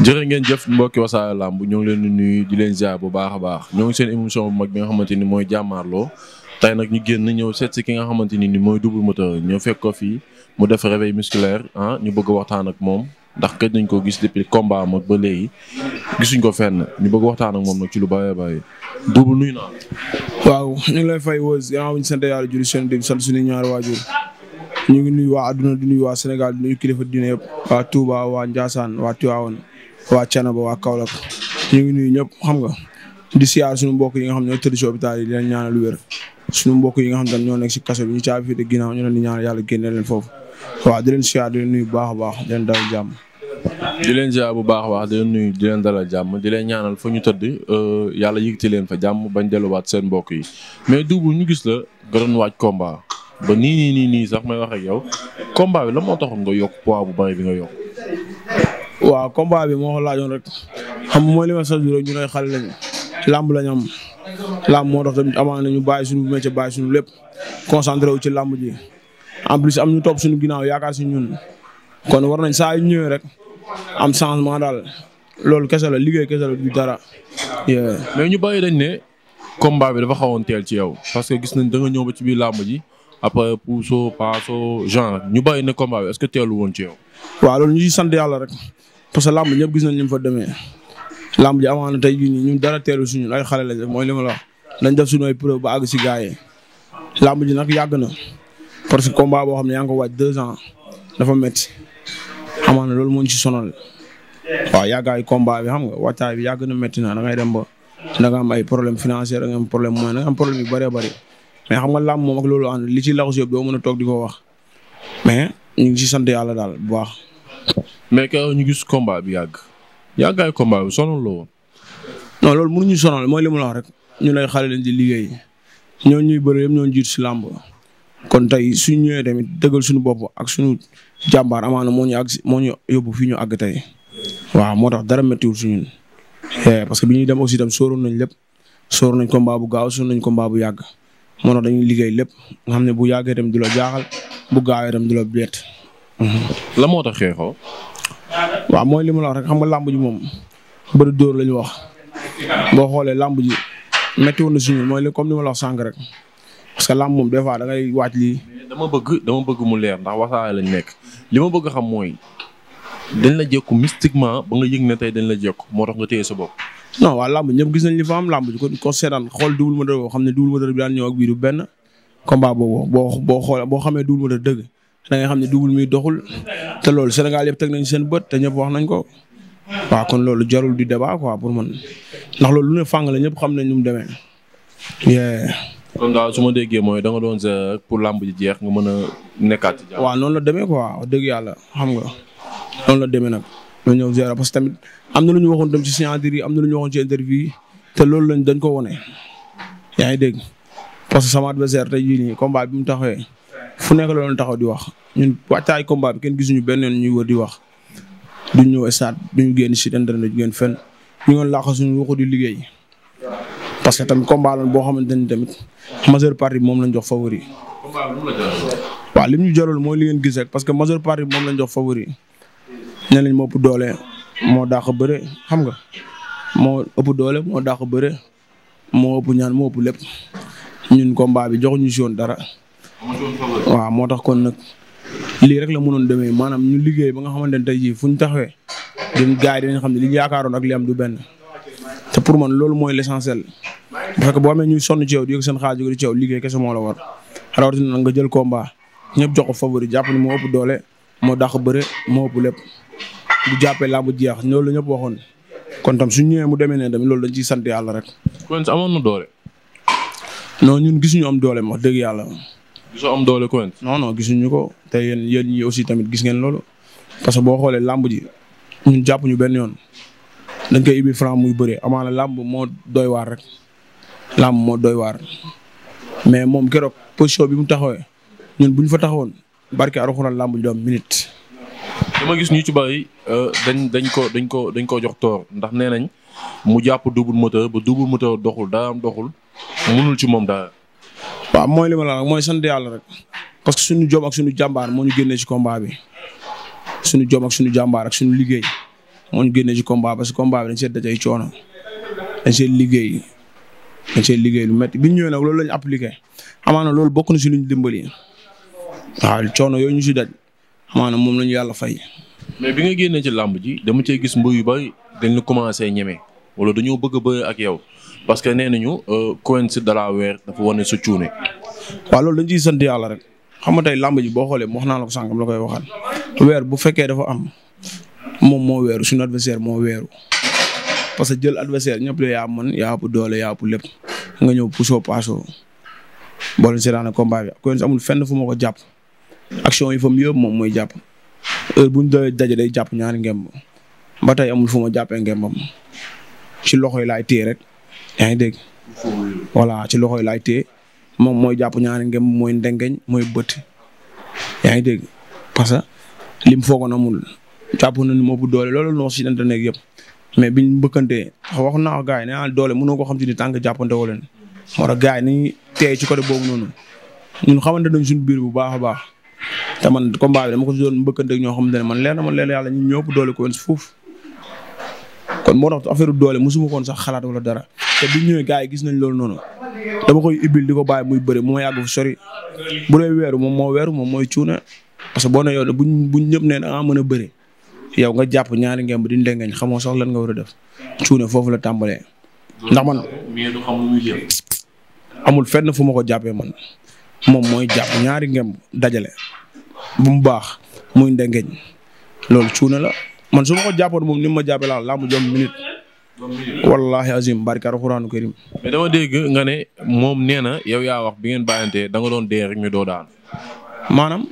jërë ngeen jëf mbokki wasaare làmb ñoo ngi leen di nuyu di leen ziar bu baax a baax ñoo ngi seen émission bu mag bi nga xamante ni mooy jàmmaarloo tey nag ñu génn ñëw seet si ki nga xamante ni mooy double moteur ñoo fekk ko fii mu def réveil musculaire ah ñu bëgg waxtaan ak moom ndax gëj nañ ko gis depuis combat am ak ba léegi gisuñ ko fenn ñu bëgg waxtaan ak moom nag ci lu bëree bëri double nuyu naa waaw ñu ngi lay fay woo ginnaaw ñu sant yàlla julli seen di sant suñu ñaari waajur ñu ngi nuyu waa adduna di nuyu waa Sénégal di kilifa diine yëpp waa Touba waa Ndiassane waa Tivaouane waa Thiénaba waa Kaolack ñu ngi nuyu ñëpp xam nga di siyaar suñu mbokk yi nga xam ne ñoo tëdd si hôpital yi di leen ñaanal wér suñu mbokk yi nga xam ne ñoo nekk si kaso bi ñu caabi fii de ñu leen di ñaanal yàlla génne leen leen siyaar di baax a baax di leen jàmm di leen siyaar bu baax a baax di leen nuyu di jàmm di leen fa ñu tëdd euh, yàlla yëkkati leen fa jàmm bañ delluwaat seen mbokk yi mais Double ñu gis la nga doon waaj combat ba nii nii nii sax may wax ak yow combat bi la moo taxoon nga yokk poids bu bari bi nga yokk waaw combat bi moo ko laajoon rek xam mooy li ma sax rek ñu ne xale làmb lañ am làmb moo tax tamit amaana ñu bàyyi suñu métier bàyyi suñu lépp concentré wu ci làmb ji en plus am ñu topp ginnaaw yaakaar si ñun kon war nañ saa ñëwee rek am changement daal loolu kese la liggéey kese la du dara. mais ñu bàyyi dañ ne combat bi dafa xawoon teel ci yow parce que gis nañ da ñëw ba ci biir làmb ji après puuso paaso ñu bàyyi ne combat bi est-ce que teelu woon ci yow. waaw loolu ñu sant yàlla rek. parce que làmb ñëpp gis nañ ni mu fa demee làmb ji amaana tey jii nii ñun dara teelu suñu ay xale lañ mooy li ma la wax dañ def suñu ay preuve ba àgg si gars làmb ji nag yàgg na parce que combat boo xam ne yaa ngi ko waaj deux ans dafa métti amaana loolu moo ci si sonal waaw yàggaayu combat bi xam nga waxtaay bi yàgg na métti na da ngay dem ba da am ay problème financier da nga am problème moyen da problème yu bëree bëri mais xam nga làmb moom ak loolu ànd li ci laxus yëpp doo mën a toog di ko wax mais ñu ngi si sant yàlla daal bu baax mais keroog ñu gis combat bu yàgg yàggaay combat bi sonal la woon. non loolu sonal mooy li mu la rek ñu lay xale leen di liggéey ñoo ñuy bëri ñoo jiit si làmb kon tey suñu ñëwee tamit dëggal suñu bopp ak suñu jàmbaar amaana moo ñu àgg moo ñu yóbbu fii ñu àgg tey waaw moo tax dara méttiwul suñu eh, parce que bi ñuy dem aussi tam soroon nañ lépp sóoroon nañ combat bu gaaw sóoroon nañ combat bu yàgg moo tax dañuy liggéey lépp nga xam ne bu yàggee itam du la jaaxal bu gaawee itam du la beet. la moo tax xeexoo. waaw mooy li ma la wax rek xam nga làmb ji moom bëri dóor la ñu wax boo xoolee làmb ji métti woon na suñu mooy li comme li ma la sànq rek parce que làmb moom des fois dangay ngay wàcc lii. dama bëgg dama bëgg mu leer ndax Wassare lañ nekk li ma bëgg xam mooy dañ la jékku mystiquement ba nga yëg ne tey dañ la jékku moo tax nga téye sa bopp. non waa làmb ñëpp gis nañ li fa am làmb ko ko seetaan xool Double Moteur boo xam ne Double Moteur bi daan ñëw ak bii du benn combat boobu boo boo xoolee boo xamee Double Moteur dëgg da ngay xam ne double mi doxul te loolu Sénégal yëpp teg nañ seen bët te ñëpp wax nañ ko waaw kon loolu jarul di débat quoi pour man ndax loolu lu fàng la ñëpp xam nañ nu mu demee. kon daal su ma déggee mooy da doon pour làmb ji jeex nga mën a nekkaat. waaw noonu la demee quoi dëgg yàlla xam nga noonu la demee nag. ñoo ñëw ziara parce tamit am na lu ñu waxoon dem ci signature yi am na lu ñu waxoon ci interview yi te loolu lañ dañ ko wone yaa ngi dégg parce que sama adversaire tey jii nii combat bi mu taxawee fu nekk la doon taxaw di wax ñun waajtaay combat bi kenn gisuñu benn yoon ñu wër di wax duñ ñëw stade ñu génn si na ñu génn fenn ñu ngi laax suñu waxu di liggéey. parce que tamit combat la boo xamante ni tamit majeure partie moom lañ jox favori. waaw lim ñu jarul mooy li ngeen gis parce que majeure partie moom lañ jox favori. ne lañ moo ëpp doole moo dàq bëre xam nga moo ëpp doole moo dàq bëre moo ëpp ñaan moo ëpp lépp ñun combat bi joxuñu si woon dara. waaw moo tax kon nag lii rek la mënoon demee maanaam ñu liggéey ba nga xamante ne tey jii fu ñu taxawee dañ gars yi dinañ xam ne li ñu yaakaaroon ak li am du benn te pour man loolu mooy l'essentiel bu boo amee ñuy sonn ci yow seen xaalis di ci liggéey kese moo la war rawatina nag nga jël combat ñëpp jox ko favori jàpp ni moo ëpp doole moo dàq bëre moo ëpp lépp bu jàppee làmb jeex loolu la ñëpp kon tam suñ ñëwee mu demee ne tamit loolu dañ ciy sant yàlla rek. amoon na doole. non ñun gisuñu am doole moo dëgg yàlla. gisoo am doole Quench. non non gisuñu ko te yen yéen ñi aussi tamit gis ngeen loolu parce que boo xoolee làmb ji ñun jàppuñu benn yoon dañ koy ubbi franc muy bëree amaana làmb moo doy waar rek làmb moo doy waar mais moom keroog position bi mu taxawee ñun bu fa taxawoon barke Alxuraan làmb ji doom minute. dama gis ñu ci bari euh, dañ dañ ko dañ ko dañ ko jox toor ndax nee nañ mu jàpp double moteur ba double moteur doxul daa am doxul munul ci moom daal. waaw mooy li ma mooy sant yàlla rek parce que suñu jom ak suñu jàmbaar mooñu ñu génnee ci combat suñu jom suñu jàmbaar ak suñu liggéey moo ñu ci combat parce que combat bi dañ dajay coono dañ see liggéey dañ see liggéey lu métti bi ñëwee nag loolu la ñu appliqué amaana loolu bokk na si ñu dimbali waaw coono yooyu ñu si daj amaana moom la ñu yàlla fay. mais bi nga génnee ci làmb ji dama cee gis mbir yu bari dañ la commencé ñeme wala dañoo bëgg a bëri ak yow parce que nee nañu euh, coïncide de la weer dafa wane sa cuune. waaw loolu dañ ciy yàlla rek xam nga tey làmb ji boo xoolee moox naa la ko sànq la koy waxaat weer bu fekkee dafa am moom moo weeru suñu adversaire moo weeru parce que jël adversaire ñëpp la yaa man yaa ëpp doole yaa ëpp lépp nga ñëw puso paaso boo leen seetaan combat bi coïncide amul fenn fu ma ko jàpp action yi fa mu yëpp moom mooy jàpp heure bu ñu doon day jàpp ñaari ngemb ba tey amul fu ma jàppee ngembam ci loxo yi laay téye rek. yaa ngi dégg. voilà ci loxo yi laay téye moom mooy jàpp ñaari ngem mooy ndengeñ mooy bët yaa ngi dégg parce que lim foogoon amul jàpp na nu moo bu doole loolu noonu si dante nekk yëpp mais biñ mbëkkantee wax naa ko gars yi nee naa doole mënoo ko xam ci ni tànk jàppante woo leen moo tax gars boobu noonu xamante nañ suñu biir bu baax a baax te man combat bi dama ko si doon mbëkkante ak ñoo xamante ne man leer na man leer yàlla ñun ñëpp doole ko woon si kon moo tax affaire doole mosuma koon sax xalaat wala dara te bi ñëwee gars yi gis nañ loolu noonu dama koy ubbil di ko bàyyi muy bëri mu ma yàgg fu sori bu dee weeru moom moo weeru moom mooy cuune parce que boo ne yow de bu buñ ñëpp nee da a bëri yow nga jàpp ñaari ngeen ba di ndengeñ xamoo sax lan nga war a def cuune foofu la tàmbalee ndax man amul fenn fu ma ko jàppee man moom mooy jàpp ñaari ngemb dajale bu mu baax muy ndengeñ loolu cuune la man su ma ko jàppoon moom ni ma jàppee laa laa mu jom minute wallaahi azim barke alxuraanu karim mais dama dégg nga ne moom nee na yow yaa wax bi ngeen bàyyantee da doon dee rek ñu doo daan. maanaam.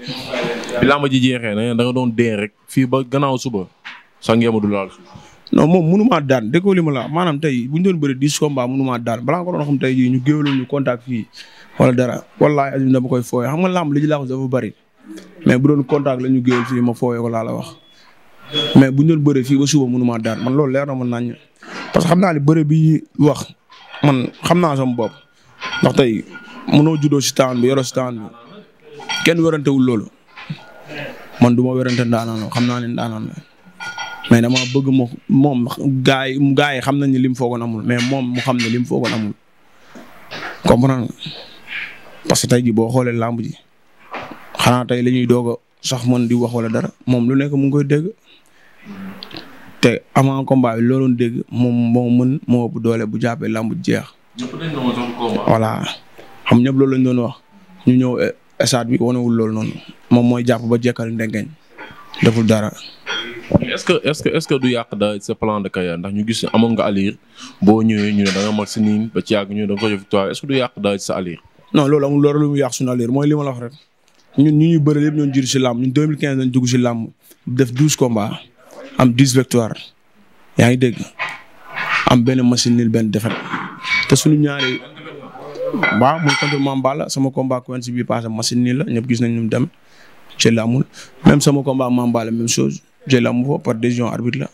bi làmb ji jeexee na da doon dee rek fii ba gannaaw suba sa ngeemu du laal suuf. non moom mënumaa daan déggoo li ma la maanaam tey buñ doon bëri dix combats mënumaa daan balaa nga ko doon xam tey jii ñu géewaloon ñu contact fii wala dara wallaahi azim dama koy fooyee xam nga làmb li ci laaxu dafa bëri mais bu doon contact la ñu géewal fii ma fooyee ko la wax. mais bu ñu doon bëree fii ba suba mënumaa daan man loolu leer na mën nañ parce que xam naa ne bëre bi wax man xam naa sama bopp ndax tey mënoo juddoo si taan bi yoroo si taan bi kenn werantewul loolu man du ma werante ndaanaan xam naa ne ndaanaan mais dama bëgg ma moom gars yi gars yi xam nañ ne lim foogoon amul mais moom mu xam ne lim foogoon amul comprendre nga parce que tey ji boo xoolee làmb ji xanaa tey la ñuy doog a sax mën di wax wala dara moom lu nekk mu ngi koy dégg. te avant combat bi looloon dégg moom moo mën moo bu doole bu jàppee làmb jeex. voilà xam ñëpp loolu lañ doon wax ñu ñëw eh, stade bi wanewul loolu noonu moom mooy jàpp ba jekkal ndengeñ deful dara. est-ce que est-ce que du yàq da sa ñu gis ne amoon nga alir boo ñëwee ñu da nga mag si ñu ne da nga ko du yàq daal sa alir. non loolu amul loolu lu mu yàq suñu alir mooy li ma la wax rek ñun ñu ñuy bëri yëpp ñoo jiitu si làmb ñun 2015 lañ dugg si làmb def 12 combats. am dix victoire yaa ngi dégg am benn machine nil benn defet te suñu ñaari waaw muy contre Mame Balla sama combat coin si bii passé machine nii la ñëpp gis nañ ñu dem jël amul même sama combat Mame Balla même chose jël amu fa par décision arbitre la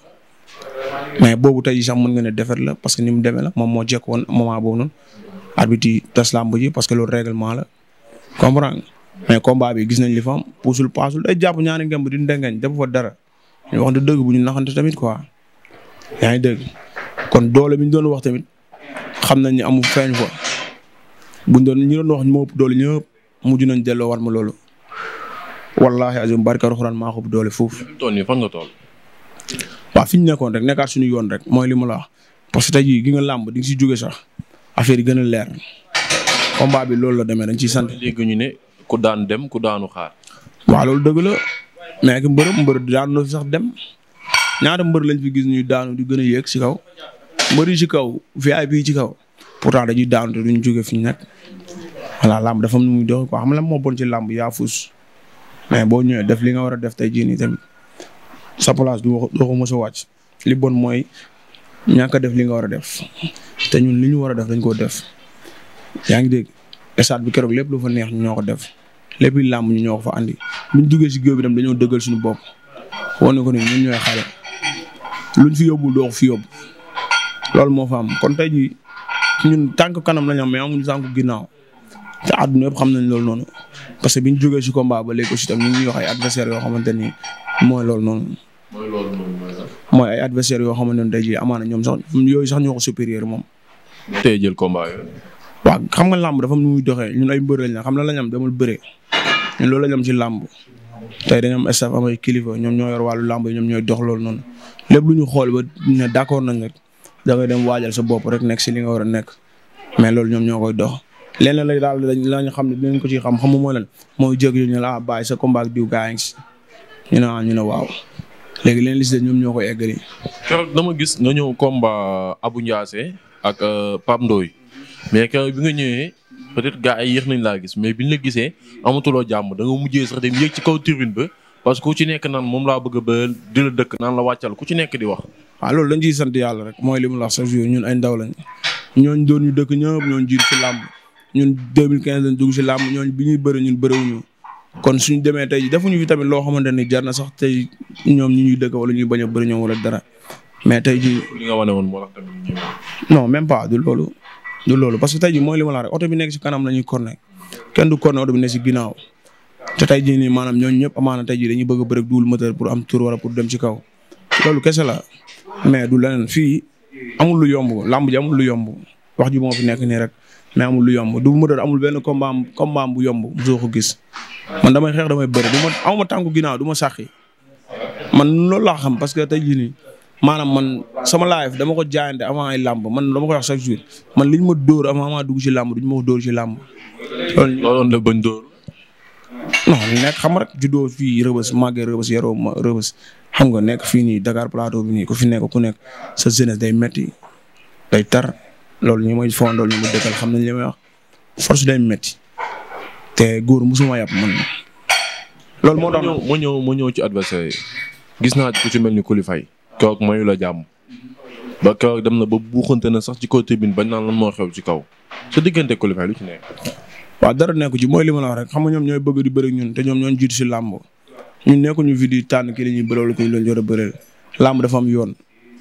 mais boobu tey sax mën nga ne defet la parce que ni mu demee la moom moo jekk woon moment boobu noonu arbitre yi tas lamb ji parce que loolu règlement la comprendre mais combat bi gis nañ li fa am puusul paasul day jàpp ñaari ngemb di ndengeñ dafa fa dara ñu wax dëgg bu ñu naxante tamit quoi yaa ngi dëgg kon doole bi ñu doon wax tamit xam nañ ni amul feeñ fa buñ doon ñu doon wax moo ëpp doole ñëpp mujj nañ delloo war ma loolu. wallaahi azim barka alxuraan maa ko ëpp doole foofu. tool yi fan nga tool. waaw fi ñu nekkoon rek nekkaat suñu yoon rek mooy li ma la wax parce que tey jii gi nga làmb di nga si jóge sax affaire yi gën a leer combat bi loolu la demee dañ ciy sant. léegi ñu ne ku daan dem ku daanu xaar. waaw loolu dëgg la mais ak mbërëm mbër daanu na fi sax dem ñaata mbër lañ fi gis ñuy daanu di gën a yéeg si kaw mbër yi ci kaw VIP yi ci kaw pourtant dañuy daanu te duñ jóge fi ñu nekk voilà làmb dafa am nu muy dox ko xam la moo bon ci làmb yaa fuus mais boo ñëwee def li nga war a def tey jii nii tamit sa place ko mos wàcc li bon mooy ñàkk a def li nga war a def te ñun li ñu war a def dañ koo def yaa ngi dégg stade bi keroog lépp lu fa neex ñoo ko def. lépp làmb ñu ñoo ko fa andi bu ñu si géew bi tam dañoo dëggal suñu bopp wane ko ni ñu ñooy xale luñ fi yóbbul doo fi yóbbu loolu moo fa am kon tey jii ñun tànk kanam lañ am mais amuñu ginnaaw te àdduna yëpp xam nañ loolu noonu parce que biñ jógee si combat ba léegi aussi tam ñu ngi wax ay adversaires yoo xamante ni mooy lool noonu. mooy loolu ay adversaires yoo xamante ne tey jii amaana ñoom sax yooyu sax ñoo ko supérieur moom. tey jël combat yooyu. xam nga làmb dafa am nu muy doxee ñun ay mbër lañ xam na lañ am demul bëree. ñun loolu lañ am ci làmb tey dañu am staff ñoom ñoo yor wàllu làmb ñoom ñooy dox lool noonu lépp lu ñu xool ba ne d'accord nañ rek da ngay dem waajal sa bopp rek nekk si li nga war a nekk mais loolu ñoom ñoo koy dox. leneen lay daal dañ lañ xam ne dinañ ko ci xam xamu mooy lan mooy jóg ñu la ah, bàyyi sa combat ak diw gaa ñu ne ah, ñu ne waaw léegi leen li si ñoom ñoo koy eggali. keroog dama gis nga ñëw combat Abou Ndiassé ak euh, Pape Ndoye mais keroog bi nga ñëwee peut-être gars ay yéex nañ laa gis mais biñ la gisee amatuloo jàmm da nga mujjee sax dem yéeg ci kaw tribune ba parce que ku ci nekk naan moom laa bëgg a di la dëkk naan la wàccal ku ci nekk di wax. waaw loolu lañ ciy sant yàlla rek mooy li mu la wax ñun ay ndaw lañ ñooñ doon ñu dëkk ñëpp ñooñ jiitu ci làmb ñun 2015 lañ dugg ci làmb ñooñ bi ñuy bëri ñun bëriwuñu kon suñu demee tey defuñu fi tamit loo xamante ni jar na sax tey ñoom ñu ñuy dëkk wala ñuy bañ a bëri ñoom wala dara mais tey ji li nga woon moo tax même pas du loolu du loolu parce que tey jii mooy li ma la rek oto bi nekk si kanam la ñuy kenn du corné oto bi nekk si ginnaaw te tey jii nii maanaam ñooñu ñëpp amaana tey jii dañuy bëgg a bëri duul moteur pour am tour wala pour dem ci loolu kese la mais du leneen fii amul lu yomb làmb ji lu yomb wax ji moo fi nekk nii rek mais amul lu yomb du moteur amul benn combat combat bu yomb mosoo ko gis man damay xeex damay bëri du ma aw ma tànku ginnaaw du ma sàqi man loolu laa xam parce que tey jii nii maanaam man sama live dama ko jaayante avant ay làmb man dama koy wax chaque jour man li ñu ma dóor avant maa dugg ci làmb du ñu ma ko dóor ci làmb. loolu loolu la bañ dóor. nekk xam rek juddoo fii rëbës màggee rëbës yaroo ma rëbës xam nga nekk fii nii Dakar Plateau bi nii ku fi nekk ku nekk sa jeunesse day metti day tar loolu ñu may fondool ñu dëkkal xam nañ li may wax force day metti te góor mosuma yàpp man. loolu moo tax moo ñëw moo ñëw ci adversaire gis naa ku ci mel ni Coly Faye keroog mayu la jàmm ba keroog dem na ba buuxante na sax ci kaw tribune bañ naan lan moo xew ci kaw sa diggante Coly Faye lu ci nekk. waaw dara nekku la wax rek xam nga ñoom ñooy bëgg di bëri ñun te ñoom ñoo jiitu si làmb ñun nekkuñu fi di tànn kii la ñuy bëreel kii la ñu war a yoon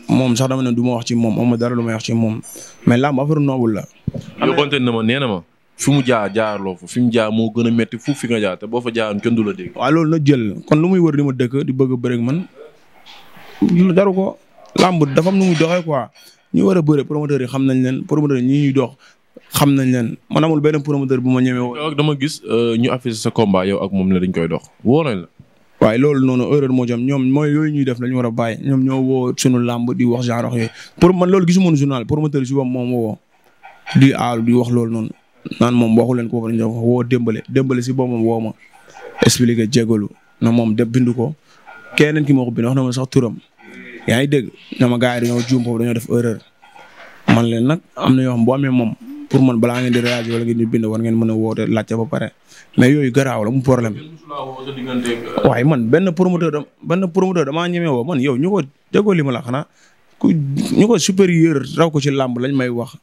moom sax dama ne du ma wax ci moom amuma dara lu may wax ci moom mais làmb affaire noobul la. yóbbante na ma nee na ma. fu mu jaar jaarloo fa fi mu jaar moo gën a métti fu fi nga jaar te boo fa jaaroon kenn du la dégg. waaw loolu na jël kon lu muy wër di ma dëkk di bëgg a man daru ko làmb dafa am nu muy doxee quoi ñu war a bëre promoteurs yi xam nañ leen promoteurs yi ñi ñuy dox xam nañ leen man amul benn promoteur bu ma ñemee woo. dama gis euh, ñu affiché sa combat yow ak moom dañ koy dox woo waaye loolu noonu erreur moo jëm ñoom mooy yooyu ñuy def la ñu war a bàyyi ñoom ñoo woo sunu làmb di wax genre yooyu pour man loolu gisuma journal promoteur yi si boppam moom woo di aalu di wax loolu noonu naan moom waxu leen ko war a woo démbale démbale si boppam woo ma expliqué jégalu na moom de bindu ko keneen ki moo ko bind wax na ma sax turam yaa ngi dégg na ma gars yi dañoo juum foofu dañoo def man leen nag am na yoo boo amee moom pour man balaa ngeen di réagir wala ngeen di bind war ngeen mën a woote laajte ba pare mais yooyu garaaw la mu problème. waaye man benn promoteur da benn promoteur damaa ñeme woo man yow ñu ko déggoo li ma la xanaa ku ñu ko supérieur raw ko ci làmb lañ may wax.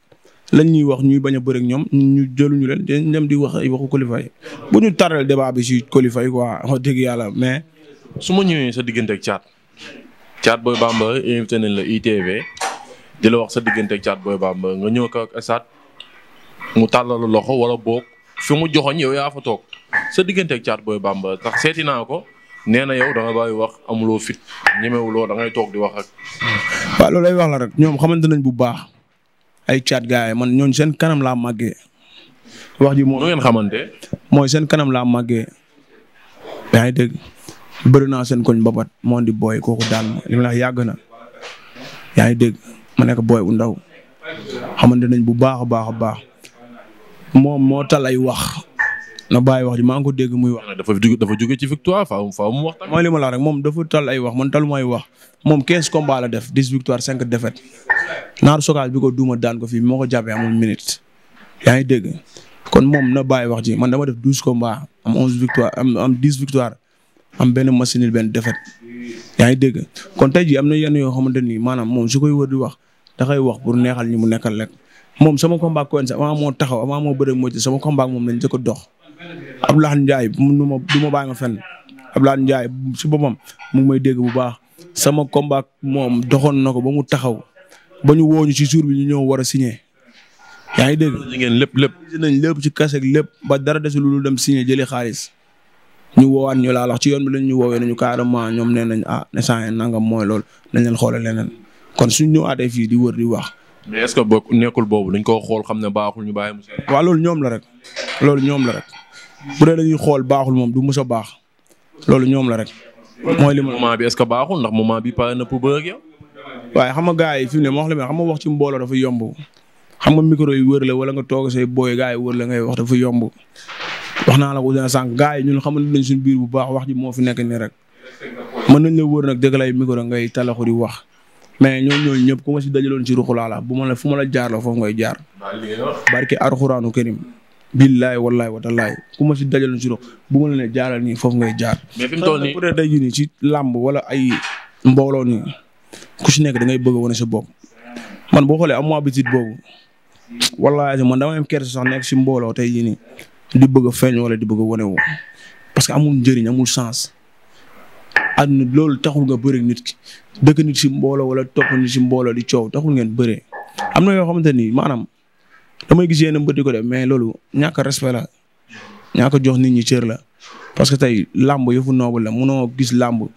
lañ ñuy wax ñu bañ a bëri ñoom ñu jëluñu leen dañ di wax ay waxu qualifié bu ñu taral de bi si qualifié ko wax dëgg yàlla mais. su ma ñëwee sa diggante caat caat booy bamba invité nañ la ITV di la wax sa diggante ak caat booy bamba nga ñëw ko ak mu tàllalu loxo wala boog fi mu joxoñ yow fa toog sa diggante ak caat tax seeti naa ko nee na yow da nga wax amuloo fit ñemewuloo da toog di wax ak. waaw loolu lay wax la rek ñoom xamante nañ bu baax ay caat gaay man ñooñ seen kanam laa màggee. wax ji moom nu ngeen xamante. mooy seen kanam laa màggee yaa ngi dégg bëri naa seen koñ mbapat moo di booy kooku daan li ma la yàgg na yaa ngi dégg ma nekk booy bu ndaw xamante nañ bu baax a baax a baax moom moo tal ay wax na baay wax ji maa ngi ko dégg muy wax. dafa dafa jóge ci victoire faaw faaw mu li ma la rek moom dafa tal ay wax man taluma ay wax moom 15 combats la def 10 victoire 5 défaites naaru sokaal bi ko duuma daan ko fii moo ko jàppee amul minute yaa ngi dégg kon moom na bàyyi wax ji man dama def 12 combats am 11 victoire am am 10 victoire. am benn machine benn defet yaa ngi dégg kon tey jii am na yenn yoo xamante ni maanaam moom su koy wër di wax dafay wax pour neexal ñi mu nekkal rek moom sama combat ak Quench avant moo taxaw avant moo bëre moo ci sama combat moom lañ jëkk a dox. Abdoulaye Ndiaye du ma du ma bàyyi ma fenn Abdoulaye Ndiaye si boppam mu ngi may dégg bu baax sama combat moom doxoon na ko ba mu taxaw ba ñu woo ñu jour bi ñu ñëw war a signé. yaa ngi dégg. ngeen lépp lépp. nañ lépp ci kase ak lépp ba dara desul lu dem signé jëlee xaalis. ñu woowaat ñu laalax ci yoon bi lañ ñu woowee nañu carrément ñoom nee nañ ah instant nangam mooy lool nañ leen xoolal leneen kon suñ ñëwaatee fii di wër di wax. mais est que bokk nekkul boobu dañ koo xool xam ne baaxul ñu bàyyi. waaw ñoom la rek loolu ñoom la rek bu dee dañuy xool baaxul moom du mës a baax loolu ñoom la rek. mooy li moment bi baaxul ndax moment bi pare na pour bëgg yow. waaye xam nga gars yi fi ne ma wax la xam nga wax ci mbooloo dafa yomb xam nga micro yi wër la wala nga toog say booy gaa yi wër la ngay wax dafa yomb wax naa la ko dina sànq gars yi ñun xamante nañ suñu biir bu baax wax ji moo fi nekk nii rek mën nañ la wóor nag dëgg lay micro ngay talaxu di wax mais ñoom ñooñu ñëpp ku ma si dajaloon ci ruxulaa la bu ma la fu ma la jaar la foofu ngay jaar barke arxuraanu karim billaay wallaay watalaay ku ma si dajaloon ci ruq bu ma la ne jaaral nii foofu ngay jaar mais fi mu toll nii peut-être ci làmb wala ay mbooloo nii ku si nekk da ngay bëgg wane sa bopp man boo xoolee am habitude boobu wallaay man dama am kersa sax nekk si mbooloo tey jii nii di bëgg feeñ wala di bëgg a wane wu parce que amul njëriñ amul sens. àdduna loolu taxul nga bëri nit ki dëkk nit si mbooloo wala topp si mbooloo di coow taxul ngeen bëree am na yoo xamante ni maanaam damay gis yéen a mbëtt ko de mais loolu ñàkk respect la ñàkk jox nit ñi cër la. parce que tey làmb yëfu noobu la munoo gis làmb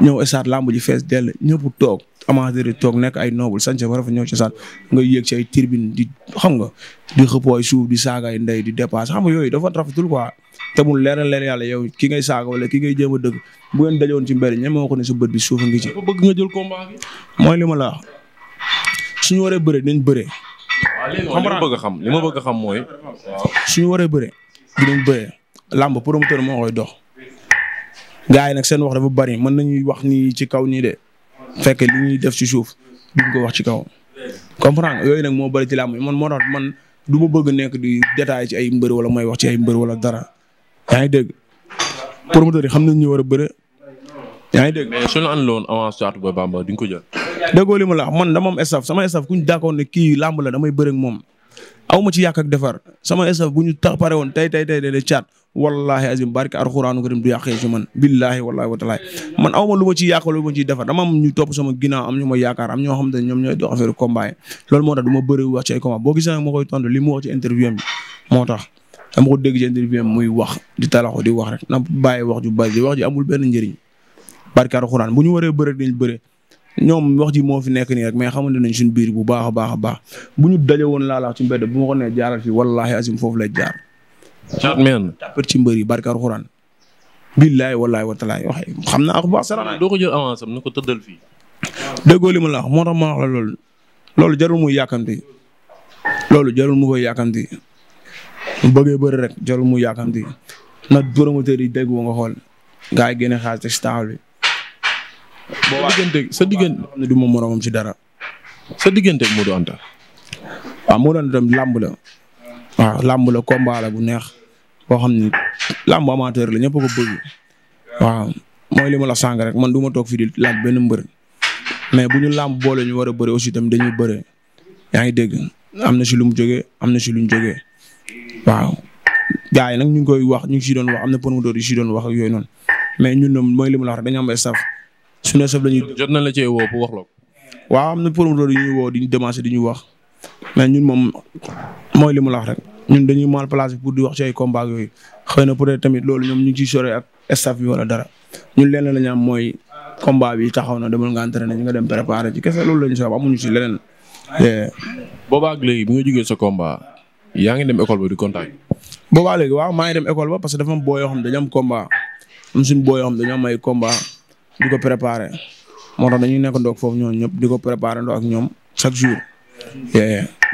ñëw esaat làmb ji fees dell ñëpp toog amateur toog nekk ay noble sañse ba rafet ñëw cosaan nga yéeg ci ay tribune di xam nga di xëppoo ay suuf di saaga ay ndey di dépassé xam nga yooyu dafa rafetul quoi te mu leer leer yàlla yow ki ngay saaga wala ki ngay jéem a dëgg bu ngeen dajoon ci mbir ñemoo ko ne sa bët bi suuf ngi ci. mooy li ma la wax suñu waree bëre dinañ bëree. xam nga li a xam li ma a xam mooy. suñu waree bëree dinañ bëree làmb promoteur moo koy dox. gars yi nag seen wax dafa bari mën nañuy wax ni ci kaw nii de fekk li ñuy def ci suuf duñ ko wax ci kaw comprendre yooyu nag moom bëri ci làmb man moo tax man du ma bëgg nekk di détaillé ci ay mbër wala may wax ci ay mbër wala dara yaa ngi dégg promoteur yi xam nañ ñu war a bëre yaa ngi dégg. mais suñu la àndaloon avance Thiatou Boy Bambara di nga ko jël. déggoo li ma la man dama am staff sama staff ku ñu d'accord ne kii làmb la damay bëre moom. aw ma ci yàq ak defar sama staff bu ñu tax pare woon tey tey tey de caat wallahi azim barke alxuraanu karim du yàqee ci man billahi wallahi watalaay man aw ma lu ma ciy yàq lu ma ciy defar dama am ñu topp sama ginnaaw am ñu ma yaakaar am ñoo xam ne ñoom ñooy dox affaire combat yi loolu moo tax du ma wax ci ay combat boo gisee ma koy tontu li wax ci interview moo tax dama ko ci interview muy wax di talaxu di wax rek na bàyyi wax ju bari di wax ji amul benn njëriñ barke alxuraan bu ñu waree bëri dañ bëri ñoom wax ji moo fi nekk ni rek mais xamante nañ suñu biir bu baax a baax a baax bu ñu daje woon laa la ci mbedd bu ma ko nee jaaral fii wallaahi azim foofu lay jaar. caat meen tàppet ci mbër yi barkar xuraan. billaay wallaay watalaay waxe xam naa ko baax saraan. doo ko jël avance am na ko tëddal fii. déggoo li ma la wax moo tax ma wax la loolu loolu mu muy yàkkamti loolu jarul mu koy yàkkamti mu bëggee bëri rek jarul mu yàkkamti na promoteur yi dégg nga xool gars yi génne xaalis ci taal bi boobaa sa diggante sa diggante xam ne du ma moromam ci dara sa diggante ak Modou Anta. waaw Modou Anta tam làmb waaw làmb la combat bu neex boo xam ni làmb amateur la ñëpp ko bëgg waaw mooy li ma la sàng rek man du ma toog fii di benn mbër mais bu ñu làmb boole ñu war a bëri aussi tamit dañuy bëre yaa ngi dégg am na si lu mu jógee am na si lu ñu jógee waaw. gars yi nag ñu ngi koy wax ñu ngi si doon wax am na promoteur yu si doon wax ak yooyu mais ñun ñoom mooy li ma la wax rek dañu am staff sun ne sëf la ñuy. jot cee woo wax la ko. am na promoteur yu ñuy woo di ñu démarché di ñu wax mais ñun moom mooy li mu la wax rek ñun dañuy mal placé pour di wax ci ay combat yooyu xëy na peut être tamit loolu ñoom ñu ngi ciy sore ak staff bi wala dara ñun lenn la ñu am mooy combat bi taxaw na demal nga entraîné ñu nga dem préparé ci kese loolu la ñu sabab amuñu si leneen. boobaa ak léegi bi nga jógee sa combat yaa ngi dem école ba di contact. boobaa léegi waaw maa dem école ba parce que dafa am boo yoo xam dañu am combat am suñu boo di ko préparer moo tax dañuy nekk ndoog foofu ñoom ñëpp di ko préparer ndoo ak ñoom chaque jour.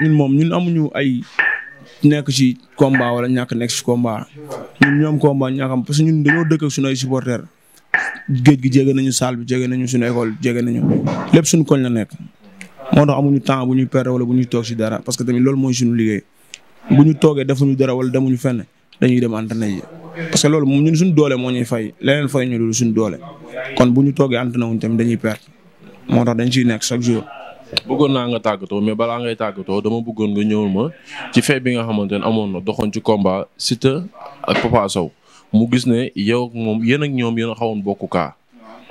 ñun moom ñun amuñu ay nekk ci combat wala ñàkk nekk ci combat ñun ñoom combat ñàkkam parce que ñun dañoo dëkk ak suñu ay supporters géej gi jege nañu salle bi jege nañu suñu école jege nañu lépp suñu koñ la nekk. moo tax amuñu temps bu ñuy perdre wala bu ñuy toog ci dara parce que tamit loolu mooy suñu liggéey bu ñu toogee defuñu dara wala demuñu fenn dañuy dem entraîné yi parce loolu moom ñun suñu doole moo ñuy fay leneen fay ñu loolu suñu doole kon bu ñu toogee entraîné wuñ tamit dañuy perte moo tax dañ ciy nekk chaque jour. bëggoon naa nga tàggatoo mais balaa ngay tàggatoo dama bëggoon nga ñëwul ma ci fee bi nga xamante ne amoon na doxoon ci komba sita ak Papa mu gis ne yow moom yéen ak ñoom yéen a xawoon bokku kaa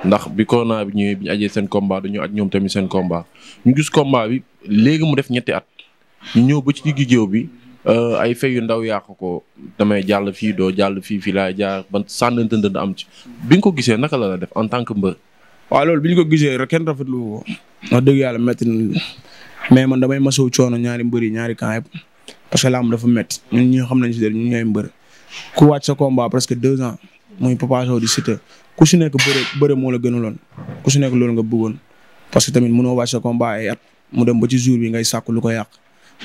ndax bi corona bi ñëwee bi ñu ajee seen combat dañu aj ñoom tamit seen komba ñu gis combat bi léegi mu def ñetti at ñu ñëw ba ci digg géew bi Euh, ay fay yu ndaw yàq ko damay jàll fii doo jàll fii fii laa jaar ban sànnante ndënd am ci bi nga ko gisee naka la la def en tant que mbër. waaw lool bi ñu ko gisee rek kenn rafetlu ko lu dëgg yàlla métti na mais man damay masawu coono ñaari mbër yi ñaari camp yëpp parce que làmb dafa xam nañ si dara ñun ñooy mbër ku wàcc sa combat presque deux ans muy Papa Sow di Siteu ku si nekk bëre bëre moo la gënaloon ku si nekk loolu nga bëggoon parce que tamit munoo wàcc sa combat ay mu dem ba ci jour bi ngay sàkk lu ko yàq.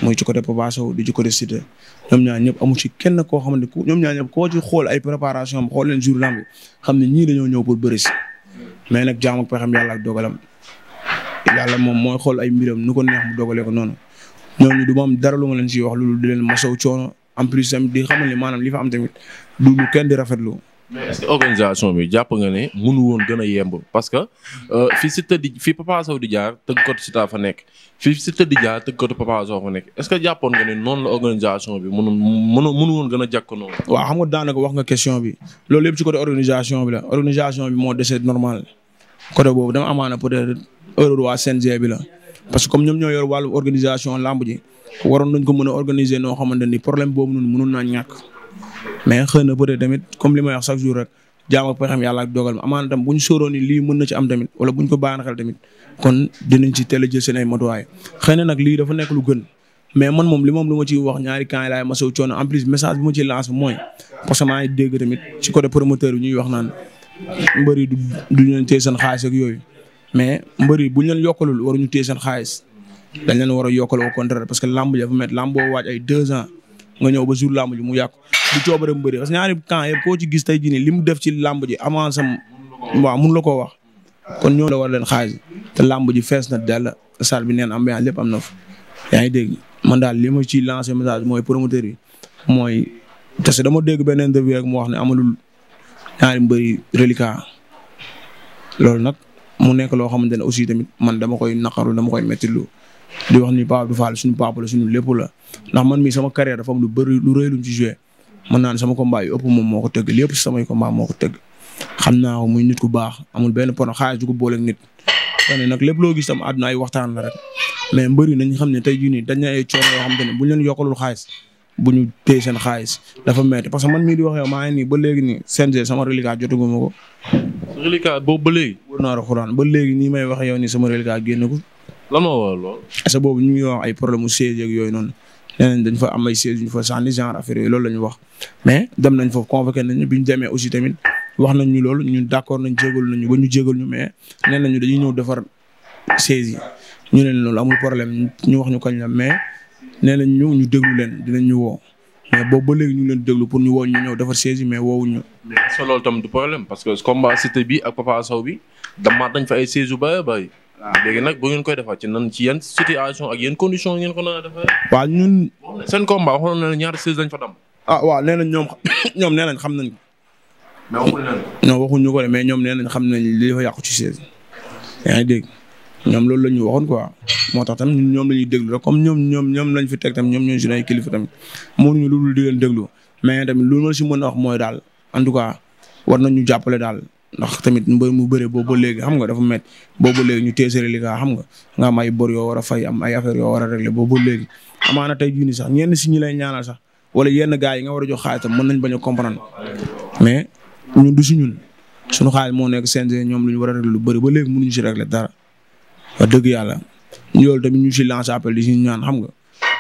mooy ci côté Papa Sow di ci côté Siteu ñoom ñaar ñëpp amu ci kenn koo xam ne ko ñoom ñaar ñëpp koo ci xool ay préparation am xool leen jour lamb xam ne ñii dañoo ñëw pour bëri si mais nag jaam ak pexam yàlla ak dogalam yàlla moom mooy xool ay mbiram nu ko neex mu dogalee ko noonu ñooñu du ma am dara lu ma leen ciy wax loolu di leen masaw coono en plus tamit di xamal ne maanaam li fa am tamit du lu kenn di rafetlu mais est-ce que organisation bi jàpp nga ne mënu woon gën a yemb parce que euh, fii si tëddi fii Papa Sow di jaar tëggkatu si taa fa nekk fii si tëddi jaar tëggkatu Papa Sow fa nekk est-ce que jàppoon nga ne noonu la organisation bi mënu mënu mënu woon gën a jàkk waa xam nga daanaka wax nga question bi loolu yëpp ci côté organisation bi la organisation bi moo dese normal côté boobu dama amaana peut-être heure waa CNG bi la parce que comme ñoom ñoo yor wàllu organisation lamb ji waroon nañ ko mën a organiser noo xamante ni problème boobu noonu mënoon naa ñàkk mais xëy na peut tamit comme li may chaque jour rek jaam pexem yàlla dogal ma amaana tam bu ñu sóoroon ni lii mën na ci am tamit wala bu ko baaxee xel tamit kon dinañ ci teel a seen ay matuwaay xëy na nag lii dafa nekk lu gën mais man moom li moom lu ma ci wax ñaari camp yi laay masaw coono en plus message bi ma ciy lancé mooy parce que maa ngi tamit ci côté promoteur bi ñuy wax naan mbër yi du duñu leen téye ak yooyu mais mbër yi buñ leen yokkalul waruñu téye seen xaalis war a yokkal au contraire parce que lamb dafa met lamb boo waaj nga ñëw ba jour làmb ji mu yàqu du coobare mbëri parce que ñaari camp yëpp ko ci gis tey jini nii li mu def ci làmb ji avance am waaw mun la koo wax kon ñoo la war leen xaalis te làmb ji fees na dell salle bi neen ambiance lépp am na fa yaa ngi dégg man daal li ma ciy lancé message mooy promoteur yi mooy parce que dama dégg benn interview rek mu wax ne amalul ñaari mbëri reliquat loolu nag mu nekk loo xamante ne aussi tamit man dama koy naqaru dama koy métti lu di wax ni Papa Abdou Fall suñu papa la suñu lépp la ndax man mi sama carrière dafa lu bëri lu rëy luñ ci naa ne sama combat yu ëpp moo ko tëgg lépp samay combat moo ko tëgg xam naa ko muy nit ku baax amul benn pono xaalis du ko booleeg nit te nag lépp loo gis tam àdduna ay waxtaan la rek mais mbëri nañ xam ne tey jii nii dañ na ay coono yoo xam te ne buñ leen yokkalul xaalis bu ñu téye seen xaalis dafa metti parce que man mii di waxee yow maa ngi nii ba léegi nii CNG sama reliquat jotaguma ko. reliquat boobu ba léegi. wóor naa alxuraan léegi nii may wax yow nii sama reliquat génn ko lan moo waral boobu ñu ngi wax ay problème mu siège yooyu noonu nee dañ fa am ay siège ñu fa sànni genre affaire yooyu loolu la ñu wax mais dem nañ foofu convoqué nañ bi ñu demee aussi tamit wax nañ ñu loolu ñun d'accord nañ jégal nañu ba ñu jégal ñu mais nee nañu dañuy ñëw defar siège yi ñu leen loolu amul problème ñu wax ñu kañ la mais nee nañ ñu ñu déglu leen dinañ ñu woo mais boobu ba léegi ñu ngi leen déglu pour ñu woo ñu ñëw defar siège mais woowuñu. mais loolu tam du problème parce que combat cité bi ak Papa Sow bi damaat nañ fa ay siège yu bëri waaw léegi nag bu ngeen koy defaat ci nan ci yan situation ak yan condition ngeen ko naan defee. ñun. seen combat waxoon na ne ñaari saison dañ fa dam. Ah, ñoom ñoom nee xam nañ ko. mais waxuñ leen ko. non waxuñu ko de mais ñoom nee nañ xam nañ li dafa yàqu ci saison. yaa ngi dégg ñoom loolu la ñu waxoon quoi moo tax tam ñun ñoom la ñuy déglu rek comme ñoom ñoom ñoom lañ fi teg tam ñoom ñooy suñu ay kilifa tamit ñu lu dul di leen déglu mais tamit lu ma si mën a wax mooy daal en tout cas war nañu jàppale daal ndax tamit mbër mu bëre boobu léegi xam nga dafa met boobu ba léegi ñu teesere li xam nga nga am ay bor yoo war a fay am ay affaire yoo war a régler boobu ba léegi amaana tey jii nii sax ñenn si ñi ñaanal sax wala yenn gars yi nga war a jox xaalisam mën nañ bañ a mais ñun du si ñun suñu xaalis moo nekk CNG ñoom lu ñu war a régler lu bëri ba léegi mënuñu si régler dara wax dëgg yàlla loolu tamit ñu ñaan xam nga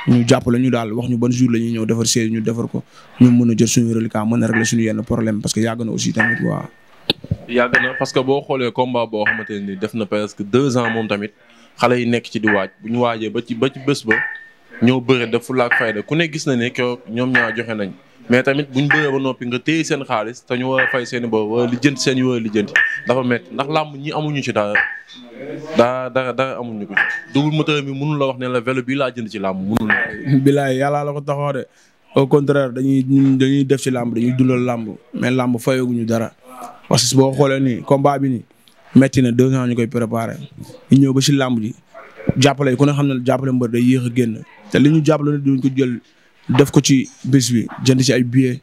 ñu jàppale ñu daal wax ñu ban jour la ñuy defar séeréer ñu defar ko ñu mën a jël suñu reliquat mën a régler suñu yenn problème parce que yàgg na aussi tamit waaw yàgg na parce que boo xoolee combat boo xamante ne def na presque deux ans moom tamit xale yi nekk ci di waaj bu ñu waajee ba ci ba ci ba ñoo bëre def fulla ak fayda ku ne gis na ne keroog ñoom ñaa joxe nañ mais tamit bu ñu bëree ba noppi nga téye seen xaalis te ñu seen i boobu wala lijjanti seen i wala lijjanti dafa métti ndax làmb ñi amuñu ci dara daa dara dara amuñu ko Double Moteur mi la wax ne la velo bii laa jënd ci làmb mënul la. bilaay yàlla la ko taxoo de au contraire dañuy def ci làmb dañuy dundal làmb mais làmb fayaguñu dara. parce que boo xoolee nii combat bi nii na deux ans ñu koy préparé ñu ñëw ba si làmb ji jàppale ku ne xam na jàppale mbër day yéex a génn te li ñu jàppale duñ ko jël def ko ci bés bi jënd ci ay billets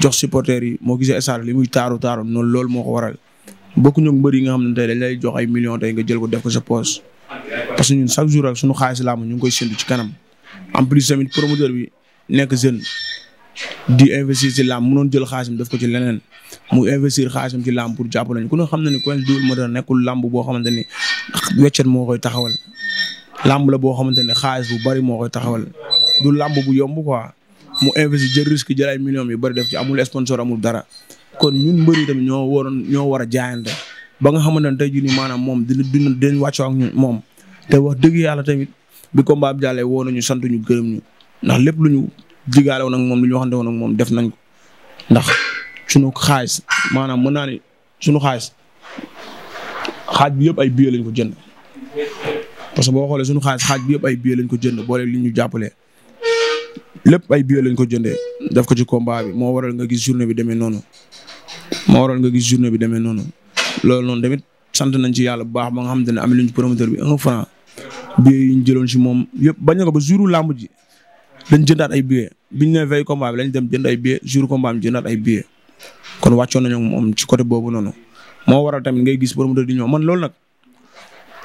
jox supporters yi moo gisee stade li muy taaru taaru noon lool moo ko waral bokku ñu mbër yi nga xam ne tey dañ lay jox ay million tey nga jël ko def ko sa poche. parce que ñun chaque jour ak suñu xaalis làmb ñu ngi koy séntu ci kanam en plus tamit promoteur bi nekk jeune di investir ci mu munoon jël xaalisam def ko ci leneen mu investir xaalisam ci làmp pour jàppale ñu ku ne xam na ne Quench Double Moteur nekkul làmb boo xamante ni weccet moo koy taxawal làmb la boo xamante ne xaalis bu bari moo koy taxawal du làmb bu yomb ko mu investir jël risque jël ay bi bari def ci amul sponsor amul dara kon ñun mbëri tamit ñoo waroon ñoo war a jaayante ba nga xamante ne tey jii nii maanaam moom dina dina dinañ wàccoo ak ñun moom te wax dëgg yàlla tamit bi combat bi jàllee woo nañu sant ñu gërëm ñu ndax lépp lu ñu digaale woon ak moom li ñu waxante woon ak moom def nañ ko ndax sunu xaalis maanaam mën naa ne sunu xaalis xaaj bi yëpp ay billets lañ ko jënd parce que boo xoolee sunu xaalis xaaj bi yëpp ay lañ ko jënd boole li ñu jàppalee lépp ay billets lañ ko jëndee def ko ci combat bi moo waral nga gis journée bi demee noonu moo waral nga gis journée bi demee noonu loolu noonu tamit sant nañ ci yàlla bu baax ba nga xamante ne am nañ ci promoteur bi un franc billets yi ñu jëloon si moom yëpp bañ na ko ba jouru làmb ji lañ jëndaat ay billets bi ñu nee veille combat bi lañ dem jënd ay billets jour combat bi jëndaat ay billets kon wàccoon nañu moom ci côté boobu noonu moo waral tamit ngay gis promoteur di ñëw man loolu nag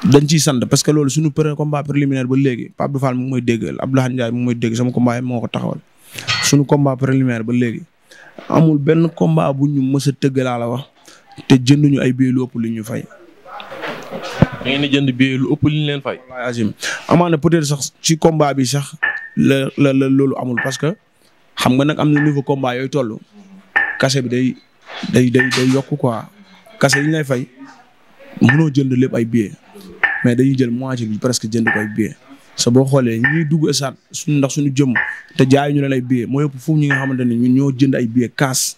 dañ ciy sant parce que loolu suñu premier combat préliminaire ba léegi Pape Abdou Fall mu ngi may dégg Abdoulaye Ndiaye mu moo ko taxawal suñu combat préliminaire ba léegi amul benn combat bu ñu mës a tëgg laa wax te jënduñu ay billets ëpp lu ñu fay. da di jënd billet lu ëpp li leen fay. waaw a amaana peut-être sax ci combat bi sax la la la loolu amul parce que xam nga nag am na niveau combat yooyu toll kase bi day day day day yokk quoi kase yi ñu fay mënoo jënd lépp ay billets mais dañuy jël moitié bi presque jënd ko ay billets sa boo xoolee ñuy dugg esaat suñu ndax suñu jëmm te jaay ñu leen ay billets moo yëpp foofu ñi nga xamante ni ñun ñoo jënd ay billets kaas.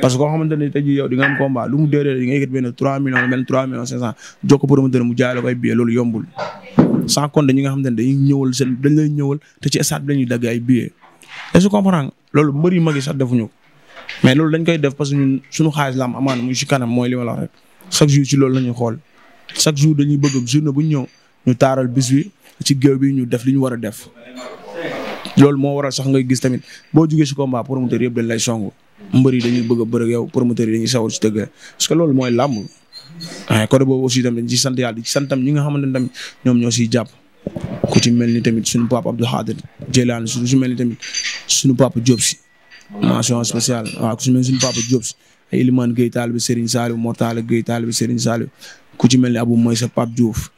parce que koo xamante ni tey jii yow di nga am combat lu mu dee dee di nga yëkkati benn 3 millions benn 3 millions 500 jox mu jaay loolu yombul. sans compter ñi nga xam ne dañuy ñëwal seen dañ lay ñëwal te ci stade bi la ñuy dagg ay billets. est loolu mbër yu mag yi sax defuñu mais loolu dañ koy def parce que ñun suñu xaalis la am amaana mu mooy li ma chaque jour ci loolu la ñuy xool chaque jour dañuy bëgg journée bu ñu ñëw ñu taaral bis bi ci géew bi ñu def li ñu war a def. loolu moo waral sax ngay gis tamit boo jugee ci combat promoteur yëpp dañ lay songu mbër yi dañuy bëgg a bëre yow promoteur yi dañuy sawar ci tëgg parce que loolu mooy làmb. ah boobu aussi tamit dañ ci sant yàlla di sant tam ñi nga xamante ne tamit ñoom ñoo siy jàpp ku ci mel ni tamit suñu papa Abdou Khadir Jëlaan su ci mel ni tamit suñu papa Diop si mention spéciale waaw ku mel ni suñu papa Diop si ay Iliman Gueye taalibe Serigne Saliou Mor taal bi taalibe Serigne Saliou ku ci mel ni Abou Moïse Pape Diouf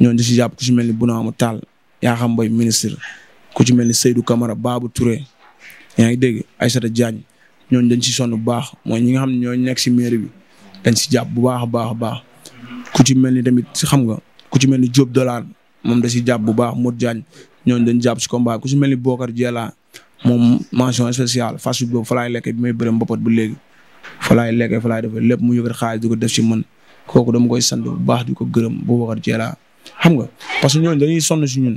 ñooñu da si jàpp ku ci mel ni Bounama Tall yaa xam bay ministre ku ci mel ni Seydou Camara baabu Touré yaa ngi dégg Aïssata Diagne ñooñu dañ si sonn bu baax mooy ñi nga xam ne ñooñu nekk si mairie bi dañ si jàpp bu baax a baax a baax ku ci mel ni tamit si xam nga ku ci mel ni Diop Dolar moom da si jàpp bu baax Modou Diagne ñooñu dañ jàpp si combat ku si mel ni Bokar Diela moom mention spéciale fast food boobu fa laay lekkee bi bërëm boppam bu léegi fa laay lekkee lépp mu yëkkati xaalis di ko def si man kooku dama koy sant bu baax di ko gërëm Bokar Diela xam nga parce que ñooñu dañuy sonn si ñun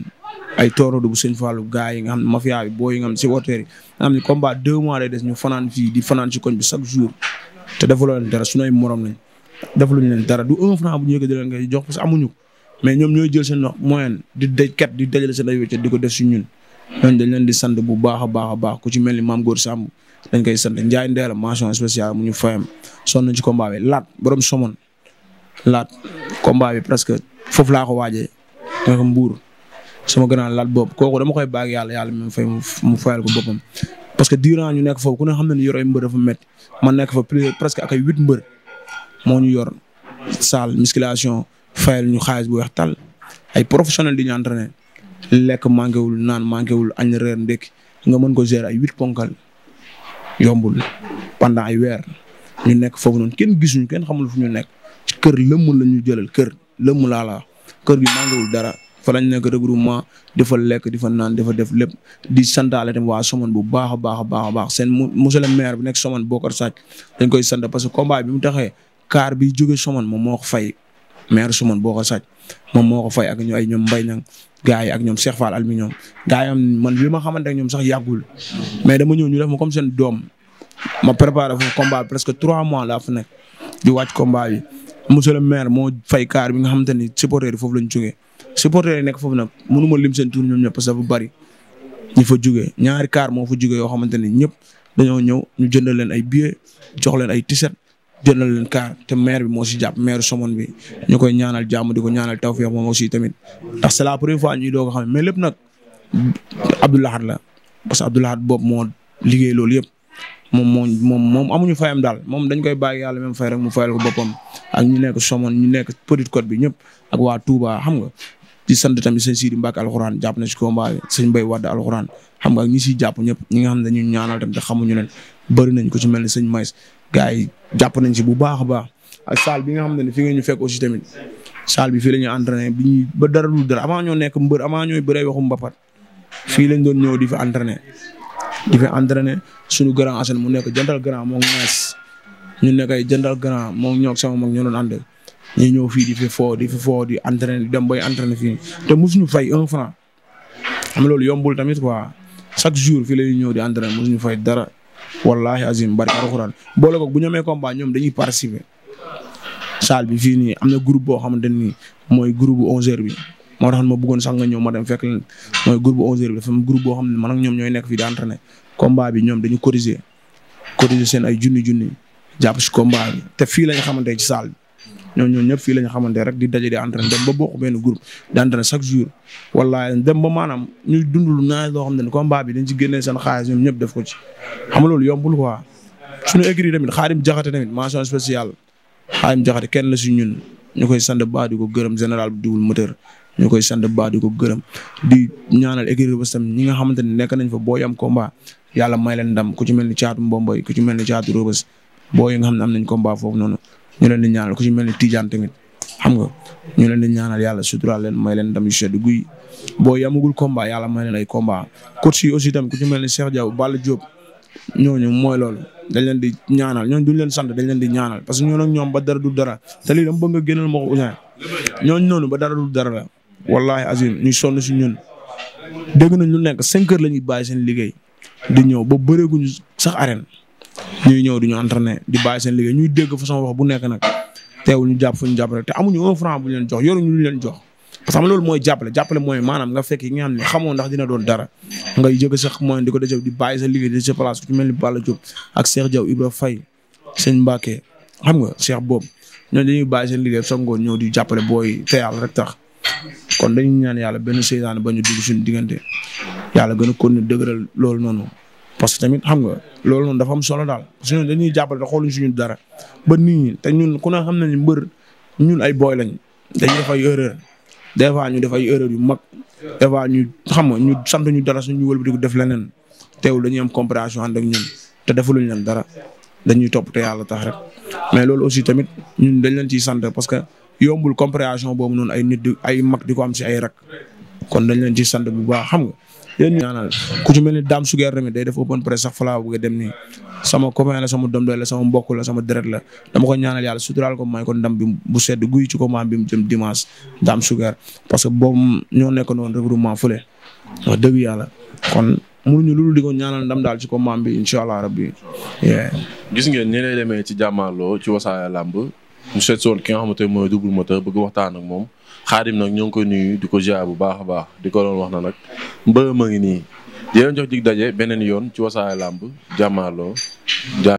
ay toorodu bu sëñ Fallou gars yi nga xam ne mafia boo yi nga xam ne supporters yi nga xam ne mois lay des ñu fanaan fii di fanaan si koñ bi chaque jour te defaloo leen dara yi morom lañ defaluñ leen dara du un franc bu ñu yëg di leen ngay jox parce que amuñu mais ñoom ñooy jël seen moyen di daj kat di dajale seen ay wéccat di ko def si ñun ñooñu dañ leen di sant bu baax a baax a baax ku ci mel ni maam Góor Samb dañ koy sant Ndiaye Ndeela mention spéciale mu ñu fayam soon na ci combat laat borom somon laat combat bi presque foofu laa ko waajee nga ko mbuur sama gënaa laat boobu kooku dama koy baak yàlla yàlla mi fay mu fayal ko boppam parce que durant ñu nekk foofu ku ne xam ne ni yor ay mbër dafa métti man nekk fa plus presque ak ay huit mbër moo ñu yor salle musculation fayal ñu xaalis bu weex tàll ay professionnel di ñu entraîné lekk manqué wul naan manqué wul añ reer ndékki nga mën ko gérer ay huit ponkal yombul pendant ay weer ñu nekk foofu noonu kenn gisuñu kenn xamul fu ñu nekk kër lëmm la ñu jëlal kër lëmm laa la kër gi manqué wul dara fa lañ nekk regroupement di fa lekk di fa naan di fa def lépp di santaale tam waa Somone bu baax a baax a baax a baax seen monsieur le maire bu nekk Somone Bokar Sadj dañ koy sant parce que combat bi mu taxee car bi jóge Somone moom moo ko fay maire Somone Bokar Sadj moom moo ko fay ak ñu ay ñoom mbay ñang gars yi ak ñoom Cheikh Fall almi ñoom gars yi am man bi ma xamante ak ñoom sax yàggul mais dama ñëw ñu def ma comme seen doom ma préparé foofu combat bi presque trois mois laa fu nekk di wàcc combat bi le maire moo fay car bi nga xamante ni supporter yi foofu lañ jógee supporters yi nekk foofu nag mënu ma lim seen tur ñoom ñëpp parce que bari ñu fa jugee ñaari kaar moo fa jugee yoo xamante ne ñëpp dañoo ñëw ñu jëndal leen ay billets jox leen ay t-shirt leen kaar te maire bi moo si jàpp maire Somone bi ñu koy ñaanal jàmm di ko ñaanal tawfeex moom aussi tamit ndax c'est la première fois ñuy doog a xam mais lépp nag Abdou Lahad la parce que Abdou Lahad boobu moo liggéey loolu yëpp moom moo moom moom amuñu fayam daal moom dañ koy bàyyi yàlla même fay rek mu fayal ko boppam ak ñu nekk Somone ñu nekk Petite Côte bi ñëpp ak waa Touba xam nga di sant tamit sëñ Sidi Mbacke alxuraan jàpp na si combat bi sëñ Mbaye Wade alxuraan xam nga ñi siy jàpp ñëpp ñi nga xam ne dañuy ñaanal tamit te xamuñu leen bëri ko ci mel ne sëñ Maïs gars yi jàpp nañ si bu baax a baax ak salle bi nga xam ne fi nga ñu fekk aussi tamit salle bi fii la ñuy entraîné bi ñuy ba dara du dara avant ñoo nekk mbër avant ñooy bëree waxu mbapat fii lañ doon ñëw di fi entraîné di fi entraîné suñu grand Assane mu nekk jëndal grand moom Maïs ñu nekk ay jëndal grand moom ñoo sama mag ñoo doon ànd ñu ñëw fii di fi foo di fi foo di entraîner dem bay entraîner fii te mosuñu fay un franc am loolu yombul tamit quoi chaque jour fii la ñuy ñëw di entraîner mosuñu fay dara wallahi azim barke alxuraan boole ko bu ñu amee combat ñoom dañuy participer salle bi fii nii am na groupe boo xamante ni mooy groupe bu 11 bi moo tax ma bëggoon sax nga ñëw ma dem fekk mooy groupe bu 11h bi dafa am xam ne man ak ñoom ñooy nekk fii di entraîner combat bi ñoom dañu cotiser cotiser seen ay junni junni jàpp si combat bi te fii la ñu xamante ci salle bi. ñoom ñoom ñëpp fii la ñu xamante rek di daje di entraîné dem ba bokk benn groupe di entraîné chaque jour wallaahi dem ba maanaam ñu dundul naa loo xam ne combat bi dañ ci génnee seen xaalis ñoom ñëpp def ko xam loolu yombul quoi suñu écrit tamit xaarim jaxate tamit mention spéciale kenn la si ñun ñu koy sant baa di ko gërëm général bu dugul moteur ñu koy sant baa di ko gërëm di ñaanal écrit ba tam ñi nga xamante ne nekk nañ fa booy am combat yàlla may leen ndam ku ci mel ni caatu mbomboy ku ci mel ni caatu robes boo yi nga xam ne am nañ combat foofu noonu ñu leen di ñaanal ku ci mel ni Tidiane tamit xam nga ñu leen di ñaanal yàlla suturaal leen may leen ndam yu sedd guy boo yamagul combat yàlla may leen ay combat coach yi aussi tamit ku ci mel ni Cheikh Diaw Balla ñoo ñooñu mooy loolu dañ leen di ñaanal ñooñu duñ leen sant dañ leen di ñaanal parce que ñoo ñoom ba dara du dara te lii dama bëgg nga génnal ma ko Ouzin ñooñu noonu ba dara du dara la wallahi azim ñu sonn si ñun dégg nañ lu nekk cinq la ñuy bàyyi seen liggéey di ñëw ba bëreeguñu sax arène ñuy ñëw di ñu entraîné di bàyyi seen liggéey ñuy dégg façon wax bu nekk nag teewul ñu jàpp fu ñu jàpp rek te bu leen jox yoruñu lu leen jox parce loolu mooy jàppale jàppale mooy maanaam nga fekk yi nga xam ne xamoo ndax dina doon dara nga yëg sax mooy di ko dajab di bàyyi sa liggéey di sa place ku ak Cheikh Diaw Ibra Faye sëñ Mbacke xam nga Cheikh boobu ñooñu dañuy bàyyi seen liggéey sa ngoon ñëw di jàppale booy te yàlla rek tax kon dañuy ñaan yàlla benn seytaane ba ñu dugg suñu diggante yàlla gën a kon dëgëral loolu noonu parce que tamit xam nga loolu noonu dafa am solo daal parce que ñun dañuy jàppale te xooluñ suñu dara ba nit ñi te ñun ku ne xam nañu mbër ñun ay booy lañ dañuy def ay erreur des fois ñu def ay erreur yu mag des fois ñu xam nga ñu sant ñu dara suñu wëlbatiku def leneen teewul dañuy am compréhension ànd ak ñun te defaluñ leen dara dañuy topp te yàlla tax rek mais loolu aussi tamit ñun dañ leen ciy sant parce que yombul compréhension boobu noonu ay nit ay mag di ko am si ay rak kon dañ bu baax xam yéen ñu ñaanal ku ci mel ni Dame Sugar tamit day def open press sax fa laa bëgg a dem nii sama copain la sama doom la sama mbokk la sama deret la dam ko ñaanal yàlla suturaal ko may ko ndam bi bu sedd guy ci combat bi mu jëm dimanche Dame Sugar parce que boobu ñoo nekk noonu regroupement fële wax dëgg yàlla kon mënuñu loolu di ko ñaanal ndam daal ci ko combat bi incha allah rabbi. gis ngeen ni lay demee ci jàmmaarloo ci Wassare Lamb ñu seet sol ki nga xamante ne mooy bëgg waxtaan moom. xaadim nag ñoo ngi koy nuyu di ko ziar bu baax a baax di ko doon wax na nag mbër ma ngi nii di leen jox dig daje beneen yoon ci wasaare làmb jàmmaarloo